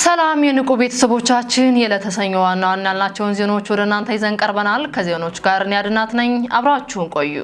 ሰላም የንቁ ቤተሰቦቻችን የለተሰኞ ዋና ዋና ያልናቸውን ዜናዎች ወደ እናንተ ይዘን ቀርበናል። ከዜናዎች ጋር እኔ አድናት ነኝ። አብራችሁን ቆዩ።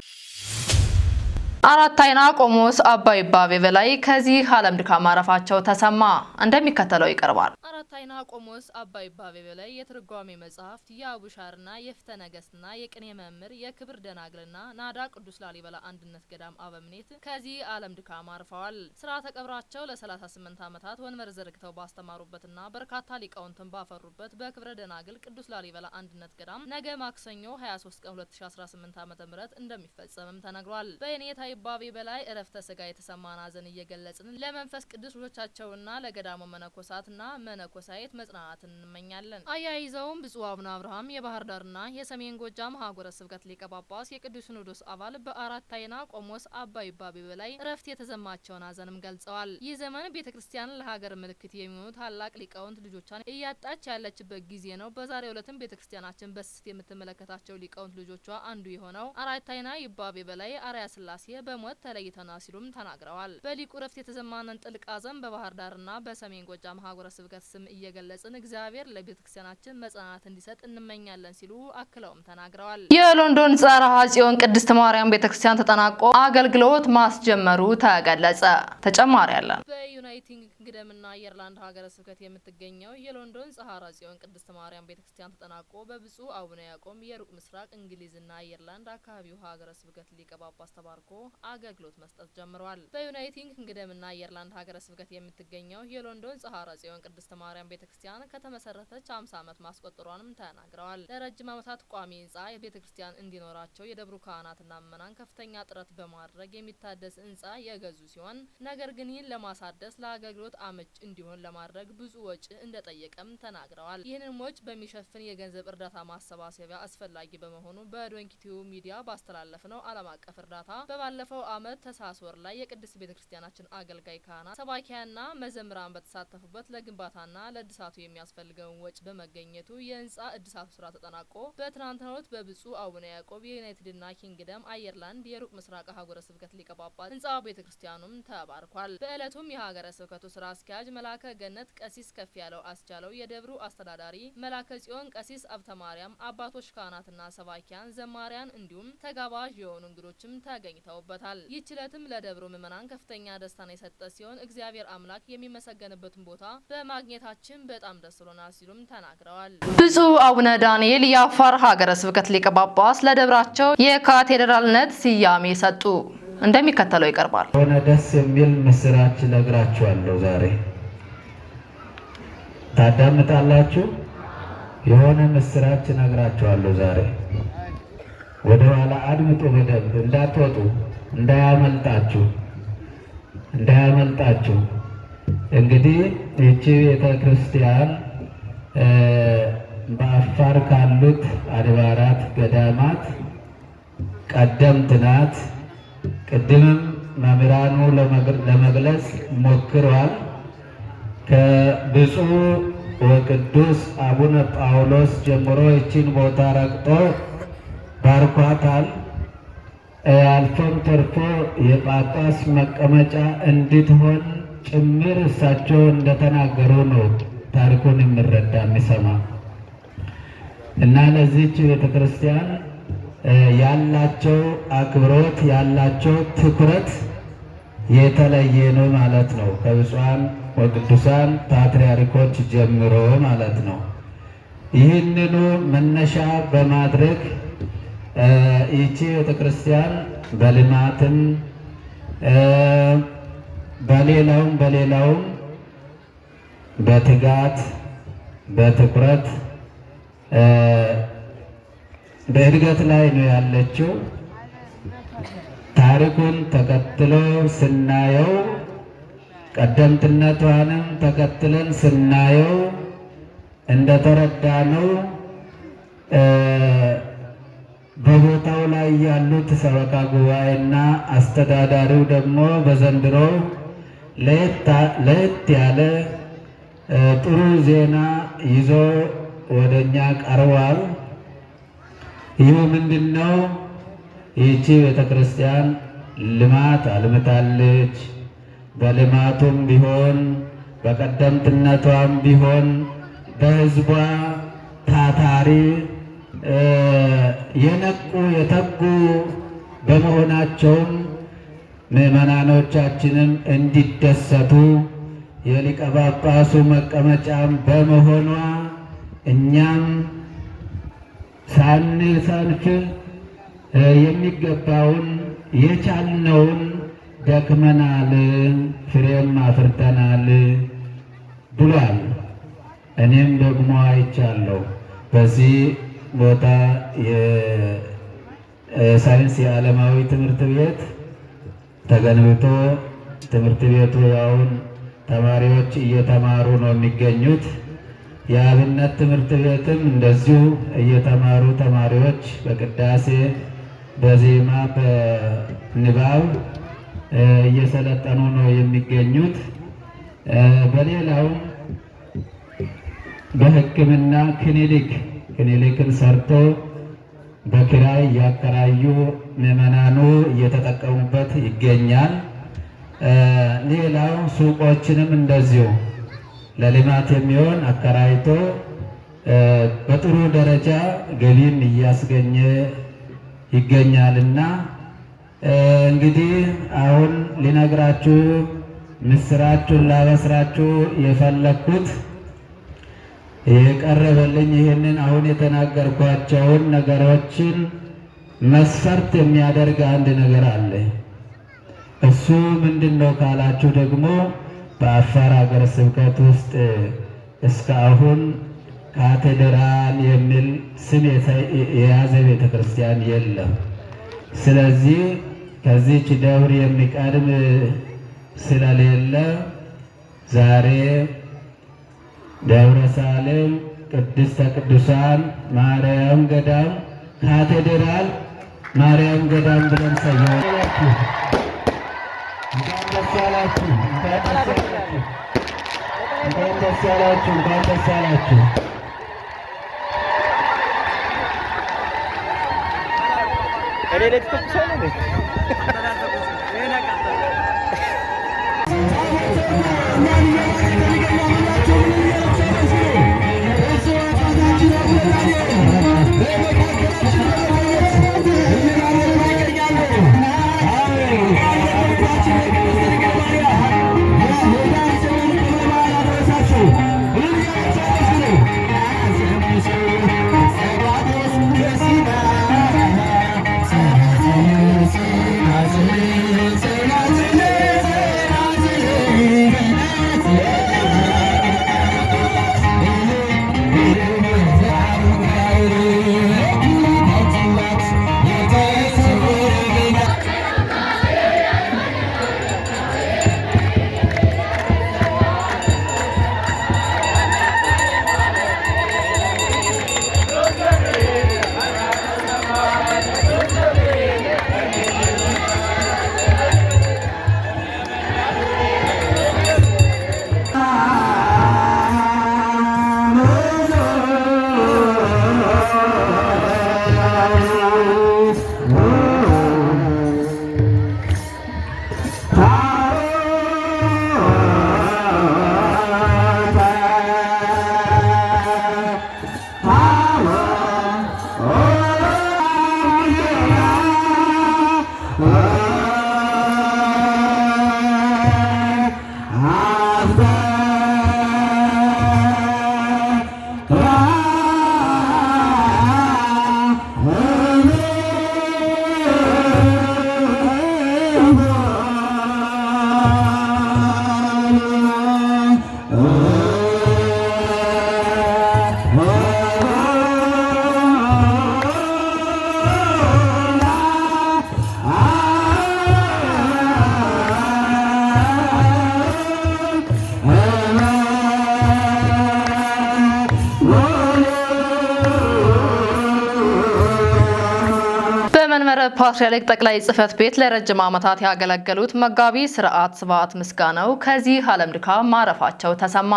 አራት አይና ቆሞስ አባ ይባቤ በላይ ከዚህ ዓለም ድካም ማረፋቸው ተሰማ። እንደሚከተለው ይቀርባል። ታይና ቆሞስ አባ ይባቤ በላይ የትርጓሜ መጽሐፍት የአቡሻርና የፍተ ነገሥትና የቅኔ መምህር የክብር ደናግልና ናዳ ቅዱስ ላሊበላ አንድነት ገዳም አበምኔት ከዚህ ዓለም ድካም አርፈዋል። ስርዓተ ቀብራቸው ለ38 ዓመታት ወንበር ዘርግተው ባስተማሩበትና በርካታ ሊቃውንትን ባፈሩበት በክብረ ደናግል ቅዱስ ላሊበላ አንድነት ገዳም ነገ ማክሰኞ 23 ቀን 2018 ዓ.ም እንደሚፈጸምም ተነግሯል። በየኔታ ይባቤ በላይ እረፍተ ስጋ የተሰማን ሐዘን እየገለጽን ለመንፈስ ቅዱስ ልጆቻቸውና ለገዳሙ መነኮሳትና መነኮ መኮሳየት መጽናናት እንመኛለን። አያይዘውም ብፁዕ አቡነ አብርሃም የባህር ዳርና የሰሜን ጎጃም ሀገረ ስብከት ሊቀ ጳጳስ፣ የቅዱስ ሲኖዶስ አባል በአራት አይና ቆሞስ አባ ይባቤ በላይ እረፍት የተዘማቸውን ሀዘንም ገልጸዋል። ይህ ዘመን ቤተ ክርስቲያን ለሀገር ምልክት የሚሆኑ ታላቅ ሊቃውንት ልጆቿን እያጣች ያለችበት ጊዜ ነው። በዛሬው ዕለትም ቤተ ክርስቲያናችን በስስት የምትመለከታቸው ሊቃውንት ልጆቿ አንዱ የሆነው አራት አይና ይባቤ በላይ አርያ ስላሴ በሞት ተለይተና ሲሉም ተናግረዋል። በሊቁ እረፍት የተሰማንን ጥልቅ ሀዘን በባህር ዳርና በሰሜን ጎጃም ሀገረ ስብከት ስም እየገለጽን እግዚአብሔር ለቤተ ክርስቲያናችን መጽናናት እንዲሰጥ እንመኛለን ሲሉ አክለውም ተናግረዋል። የሎንዶን ጸራ ጽዮን ቅድስት ማርያም ቤተ ክርስቲያን ተጠናቆ አገልግሎት ማስጀመሩ ተገለጸ። ተጨማሪ ያለን በዩናይትድ ግደምና አየርላንድ ሀገረ ስብከት የምትገኘው የሎንዶን ጸራ ጽዮን ቅድስት ማርያም ቤተ ክርስቲያን ተጠናቆ በብፁዕ አቡነ ያቆም የሩቅ ምስራቅ እንግሊዝና አየርላንድ አካባቢው ሀገረ ስብከት ሊቀ ጳጳስ ተባርኮ አገልግሎት መስጠት ጀምሯል። በዩናይትድ ግደምና አየርላንድ ሀገረ ስብከት የምትገኘው የሎንዶን ጸራ ጽዮን ቅድስት ማርያም ማርያም ቤተ ክርስቲያን ከተመሰረተች አምሳ ዓመት ማስቆጠሯንም ተናግረዋል። ለረጅም ዓመታት ቋሚ ህንጻ የቤተ ክርስቲያን እንዲኖራቸው የደብሩ ካህናትና ምእመናን ከፍተኛ ጥረት በማድረግ የሚታደስ ህንጻ የገዙ ሲሆን ነገር ግን ይህን ለማሳደስ ለአገልግሎት አመች እንዲሆን ለማድረግ ብዙ ወጪ እንደጠየቀም ተናግረዋል። ይህንን ወጪ በሚሸፍን የገንዘብ እርዳታ ማሰባሰቢያ አስፈላጊ በመሆኑ በዶንኪቲዩ ሚዲያ ባስተላለፍ ነው ዓለም አቀፍ እርዳታ በባለፈው ዓመት ታኅሳስ ወር ላይ የቅድስት ቤተ ክርስቲያናችን አገልጋይ ካህናት ሰባኪያና መዘምራን በተሳተፉበት ለግንባታና ለእድሳቱ የሚያስፈልገውን ወጪ በመገኘቱ የህንጻ እድሳቱ ስራ ተጠናቆ በትናንትናው ዕለት በብፁዕ አቡነ ያዕቆብ የዩናይትድና ኪንግደም አየርላንድ የሩቅ ምስራቅ ሀጉረ ስብከት ሊቀ ጳጳስ ህንጻ ቤተ ክርስቲያኑም ተባርኳል። በዕለቱም የሀገረ ስብከቱ ስራ አስኪያጅ መላከ ገነት ቀሲስ ከፍ ያለው አስቻለው፣ የደብሩ አስተዳዳሪ መላከ ጽዮን ቀሲስ አብተ ማርያም፣ አባቶች ካህናትና ሰባኪያን፣ ዘማሪያን እንዲሁም ተጋባዥ የሆኑ እንግዶችም ተገኝተውበታል። ይህች ዕለትም ለደብሩ ምዕመናን ከፍተኛ ደስታን የሰጠ ሲሆን እግዚአብሔር አምላክ የሚመሰገንበትን ቦታ በማግኘታቸው በመሆናችን በጣም ደስ ብሎናል ሲሉም ተናግረዋል። ብፁዕ አቡነ ዳንኤል የአፋር ሀገረ ስብከት ሊቀ ጳጳስ ለደብራቸው የካቴድራልነት ስያሜ ሰጡ። እንደሚከተለው ይቀርባል። የሆነ ደስ የሚል ምስራች ነግራችኋለሁ። ዛሬ ታዳምጣላችሁ። የሆነ ምስራች ነግራችኋለሁ። ዛሬ ወደኋላ አድምጡ በደንብ እንዳትወጡ፣ እንዳያመልጣችሁ፣ እንዳያመልጣችሁ እንግዲህ ይቺ ቤተ ክርስቲያን በአፋር ካሉት አድባራት ገዳማት ቀደምት ናት። ቅድምም መምህራኑ ለመግለጽ ሞክሯል። ከብፁዕ ወቅዱስ አቡነ ጳውሎስ ጀምሮ ይችን ቦታ ረግጦ ባርኳታል። አልፎም ተርፎ የጳጳስ መቀመጫ እንድትሆን ጭምር እሳቸው እንደተናገሩ ነው ታሪኩን የሚረዳ የሚሰማ እና ለዚች ቤተክርስቲያን ያላቸው አክብሮት ያላቸው ትኩረት የተለየ ነው ማለት ነው። ከብፁዓን ወቅዱሳን ፓትርያርኮች ጀምሮ ማለት ነው። ይህንኑ መነሻ በማድረግ ይቺ ቤተክርስቲያን በልማትም በሌላውም በሌላውም በትጋት በትኩረት በእድገት ላይ ነው ያለችው። ታሪኩን ተከትሎ ስናየው ቀደምትነቷንም ተከትለን ስናየው እንደተረዳነው በቦታው ላይ ያሉት ሰበካ ጉባኤና አስተዳዳሪው ደግሞ በዘንድሮ ለየት ያለ ጥሩ ዜና ይዞ ወደ እኛ ቀርቧል። ይህ ምንድን ነው? ይህቺ ቤተክርስቲያን ልማት አልምታለች። በልማቱም ቢሆን በቀደምትነቷም ቢሆን በሕዝቧ ታታሪ የነቁ የተጉ በመሆናቸውም ምዕመናኖቻችንም እንዲደሰቱ የሊቀ ጳጳሱ መቀመጫም በመሆኗ እኛም ሳንሰንፍ የሚገባውን የቻልነውን ደክመናል፣ ፍሬም አፍርተናል ብሏል። እኔም ደግሞ አይቻለሁ። በዚህ ቦታ የሳይንስ የዓለማዊ ትምህርት ቤት ተገንብቶ ትምህርት ቤቱ ያውን ተማሪዎች እየተማሩ ነው የሚገኙት። የአብነት ትምህርት ቤትም እንደዚሁ እየተማሩ ተማሪዎች በቅዳሴ በዜማ በንባብ እየሰለጠኑ ነው የሚገኙት። በሌላው በሕክምና ክሊኒክ ክሊኒክን ሰርቶ በኪራይ እያከራዩ ምዕመናኑ እየተጠቀሙበት ይገኛል። ሌላው ሱቆችንም እንደዚሁ ለልማት የሚሆን አከራይቶ በጥሩ ደረጃ ገቢም እያስገኘ ይገኛልና እንግዲህ አሁን ሊነግራችሁ ምስራችሁን ላበስራችሁ የፈለግኩት የቀረበልኝ ይህንን አሁን የተናገርኳቸውን ነገሮችን መስፈርት የሚያደርግ አንድ ነገር አለ። እሱ ምንድን ነው ካላችሁ ደግሞ በአፋር ሀገረ ስብከት ውስጥ እስካሁን ካቴድራል የሚል ስም የያዘ ቤተ ክርስቲያን የለም። ስለዚህ ከዚች ደብር የሚቀድም ስለሌለ ዛሬ ደብረ ሳሌም ቅድስተ ቅዱሳን ማርያም ገዳም ካቴድራል ማርያም ገዳም ብለን ሰየው። Selahattin. Ben de Selahattin. Ben de Selahattin. El ele tutup söyledik. Thank you. ፓትርያርክ ጠቅላይ ጽህፈት ቤት ለረጅም ዓመታት ያገለገሉት መጋቢ ስርዓት ስብሐት ምስጋናው ከዚህ ዓለም ድካም ማረፋቸው ተሰማ።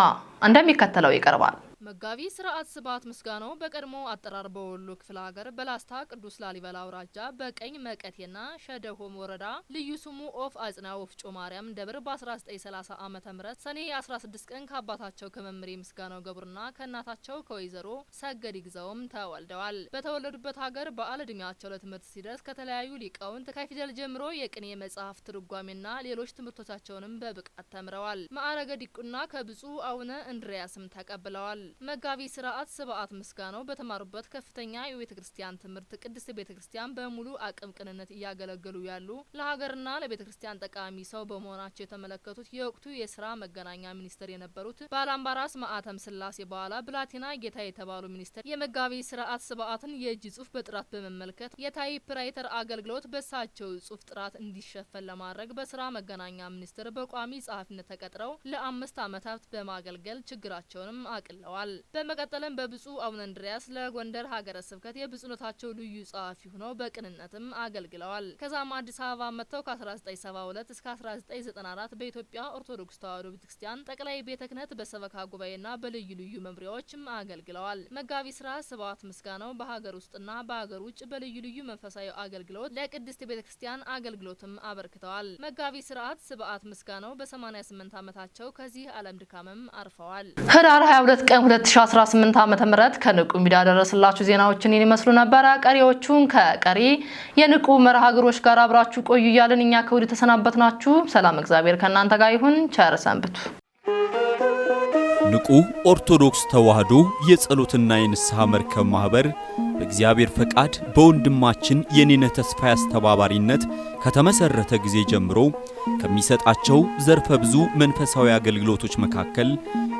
እንደሚከተለው ይቀርባል። መጋቢ ስርዓት ስብሐት ምስጋናው በቀድሞ አጠራር በወሎ ክፍለ ሀገር በላስታ ቅዱስ ላሊበላ አውራጃ በቀኝ መቀቴና ሸደሆም ወረዳ ልዩ ስሙ ኦፍ አጽና ወፍጮ ማርያም ደብር በ1930 ዓ ም ሰኔ 16 ቀን ከአባታቸው ከመምሬ ምስጋናው ገቡርና ከእናታቸው ከወይዘሮ ሰገድ ይግዛውም ተወልደዋል። በተወለዱበት ሀገር በአል ዕድሜያቸው ለትምህርት ሲደርስ ከተለያዩ ሊቃውንት ከፊደል ጀምሮ የቅኔ መጽሐፍ ትርጓሜና ሌሎች ትምህርቶቻቸውንም በብቃት ተምረዋል። ማዕረገ ዲቁና ከብፁዕ አቡነ እንድሪያስም ተቀብለዋል። መጋቢ ስርዓት ስብአት ምስጋናው በተማሩበት ከፍተኛ የቤተ ክርስቲያን ትምህርት ቅድስት ቤተ ክርስቲያን በሙሉ አቅም ቅንነት እያገለገሉ ያሉ ለሀገርና ለቤተ ክርስቲያን ጠቃሚ ሰው በመሆናቸው የተመለከቱት የወቅቱ የስራ መገናኛ ሚኒስትር የነበሩት ባላምባራስ ማዕተም ስላሴ በኋላ ብላቲና ጌታ የተባሉ ሚኒስትር የመጋቢ ስርዓት ስብአትን የእጅ ጽሁፍ በጥራት በመመልከት የታይፕራይተር አገልግሎት በሳቸው ጽሁፍ ጥራት እንዲሸፈን ለማድረግ በስራ መገናኛ ሚኒስትር በቋሚ ጸሐፊነት ተቀጥረው ለአምስት ዓመታት በማገልገል ችግራቸውንም አቅለዋል። ተገልጿል። በመቀጠልም በብፁዕ አቡነ እንድሪያስ ለጎንደር ሀገረ ስብከት የብፁዕነታቸው ልዩ ጸሐፊ ሆነው በቅንነትም አገልግለዋል። ከዛም አዲስ አበባ መጥተው ከ1972 እስከ 1994 በኢትዮጵያ ኦርቶዶክስ ተዋሕዶ ቤተክርስቲያን ጠቅላይ ቤተ ክህነት በሰበካ ጉባኤና በልዩ ልዩ መምሪያዎችም አገልግለዋል። መጋቢ ስራ ስብሐት ምስጋናው በሀገር ውስጥና በሀገር ውጭ በልዩ ልዩ መንፈሳዊ አገልግሎት ለቅድስት ቤተክርስቲያን አገልግሎትም አበርክተዋል። መጋቢ ስርዓት ስብዓት ምስጋናው በ88 ዓመታቸው ከዚህ ዓለም ድካምም አርፈዋል። ህዳር 22 ቀን 2018 ዓ.ም ከንቁ ሚዲያ ደረስላችሁ ዜናዎችን ይመስሉ ነበረ። ቀሪዎቹን ከቀሪ የንቁ መርሃ ግብሮች ጋር አብራችሁ ቆዩ እያልን እኛ ከወዲሁ ተሰናበትናችሁ። ሰላም እግዚአብሔር ከእናንተ ጋር ይሁን። ቸር ሰንብቱ። ንቁ ኦርቶዶክስ ተዋህዶ የጸሎትና የንስሐ መርከብ ማኅበር በእግዚአብሔር ፈቃድ በወንድማችን የኔነ ተስፋ አስተባባሪነት ከተመሠረተ ጊዜ ጀምሮ ከሚሰጣቸው ዘርፈ ብዙ መንፈሳዊ አገልግሎቶች መካከል